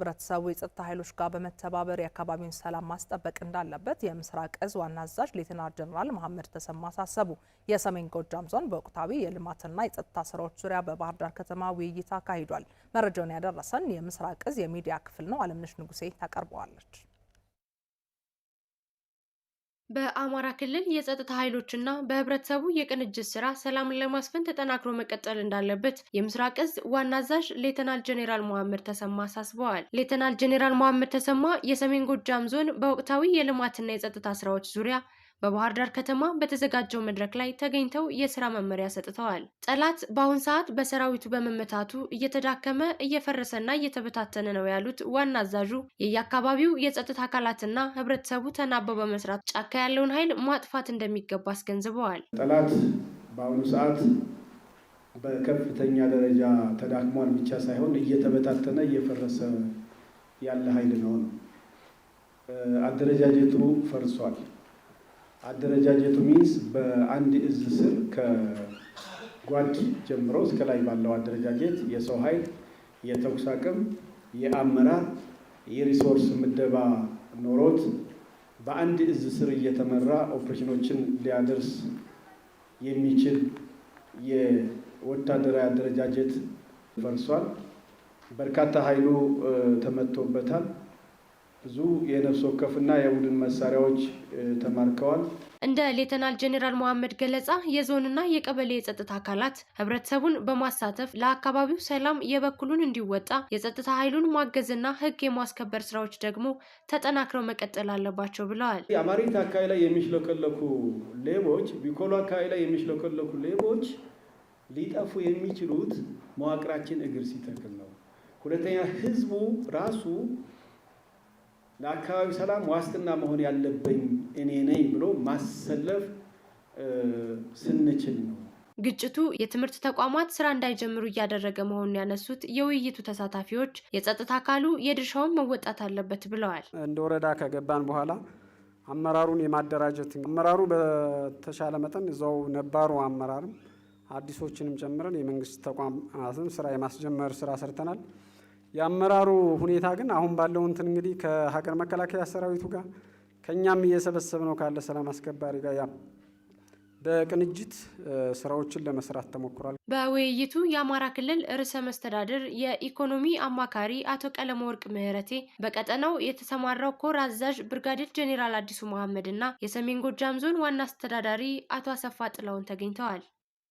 ህብረተሰቡ የጸጥታ ኃይሎች ጋር በመተባበር የአካባቢውን ሰላም ማስጠበቅ እንዳለበት የምስራቅ እዝ ዋና አዛዥ ሌትናር ጀኔራል መሐመድ ተሰማ አሳሰቡ። የሰሜን ጎጃም ዞን በወቅታዊ የልማትና የጸጥታ ስራዎች ዙሪያ በባህር ዳር ከተማ ውይይት አካሂዷል። መረጃውን ያደረሰን የምስራቅ እዝ የሚዲያ ክፍል ነው። አለምነሽ ንጉሴ ታቀርበዋለች። በአማራ ክልል የጸጥታ ኃይሎችና በህብረተሰቡ የቅንጅት ስራ ሰላምን ለማስፈን ተጠናክሮ መቀጠል እንዳለበት የምስራቅ እዝ ዋና አዛዥ ሌተናል ጄኔራል መሐመድ ተሰማ አሳስበዋል። ሌተናል ጄኔራል መሐመድ ተሰማ የሰሜን ጎጃም ዞን በወቅታዊ የልማትና የጸጥታ ስራዎች ዙሪያ በባህር ዳር ከተማ በተዘጋጀው መድረክ ላይ ተገኝተው የስራ መመሪያ ሰጥተዋል። ጠላት በአሁን ሰዓት በሰራዊቱ በመመታቱ እየተዳከመ እየፈረሰና እየተበታተነ ነው ያሉት ዋና አዛዡ የየአካባቢው የጸጥታ አካላትና ህብረተሰቡ ተናቦ በመስራት ጫካ ያለውን ኃይል ማጥፋት እንደሚገባ አስገንዝበዋል። ጠላት በአሁኑ ሰዓት በከፍተኛ ደረጃ ተዳክሟል ብቻ ሳይሆን እየተበታተነ እየፈረሰ ያለ ኃይል ነው ነው አደረጃጀቱ ፈርሷል። አደረጃጀቱ ሚንስ በአንድ እዝ ስር ከጓድ ጀምሮ እስከ ላይ ባለው አደረጃጀት የሰው ኃይል፣ የተኩስ አቅም፣ የአመራር፣ የሪሶርስ ምደባ ኖሮት በአንድ እዝ ስር እየተመራ ኦፕሬሽኖችን ሊያደርስ የሚችል የወታደራዊ አደረጃጀት ፈርሷል። በርካታ ኃይሉ ተመቶበታል። ብዙ የነፍስ ወከፍና የቡድን መሳሪያዎች ተማርከዋል። እንደ ሌተናል ጄኔራል መሐመድ ገለጻ የዞንና የቀበሌ የጸጥታ አካላት ህብረተሰቡን በማሳተፍ ለአካባቢው ሰላም የበኩሉን እንዲወጣ የጸጥታ ኃይሉን ማገዝና ህግ የማስከበር ስራዎች ደግሞ ተጠናክረው መቀጠል አለባቸው ብለዋል። አማሪት አካባቢ ላይ የሚሽለከለኩ ሌቦች፣ ቢኮሎ አካባቢ ላይ የሚሽለከለኩ ሌቦች ሊጠፉ የሚችሉት መዋቅራችን እግር ሲተክል ነው። ሁለተኛ ህዝቡ ራሱ ለአካባቢ ሰላም ዋስትና መሆን ያለብኝ እኔ ነኝ ብሎ ማሰለፍ ስንችል ነው። ግጭቱ የትምህርት ተቋማት ስራ እንዳይጀምሩ እያደረገ መሆኑን ያነሱት የውይይቱ ተሳታፊዎች የጸጥታ አካሉ የድርሻውን መወጣት አለበት ብለዋል። እንደ ወረዳ ከገባን በኋላ አመራሩን የማደራጀት አመራሩ በተሻለ መጠን እዛው ነባሩ አመራርም አዲሶችንም ጨምረን የመንግስት ተቋማትን ስራ የማስጀመር ስራ ሰርተናል። የአመራሩ ሁኔታ ግን አሁን ባለው እንትን እንግዲህ ከሀገር መከላከያ ሰራዊቱ ጋር ከእኛም እየሰበሰብ ነው ካለ ሰላም አስከባሪ ጋር ያም በቅንጅት ስራዎችን ለመስራት ተሞክሯል። በውይይቱ የአማራ ክልል ርዕሰ መስተዳድር የኢኮኖሚ አማካሪ አቶ ቀለመ ወርቅ ምህረቴ፣ በቀጠናው የተሰማራው ኮር አዛዥ ብርጋዴር ጄኔራል አዲሱ መሐመድ እና የሰሜን ጎጃም ዞን ዋና አስተዳዳሪ አቶ አሰፋ ጥላውን ተገኝተዋል።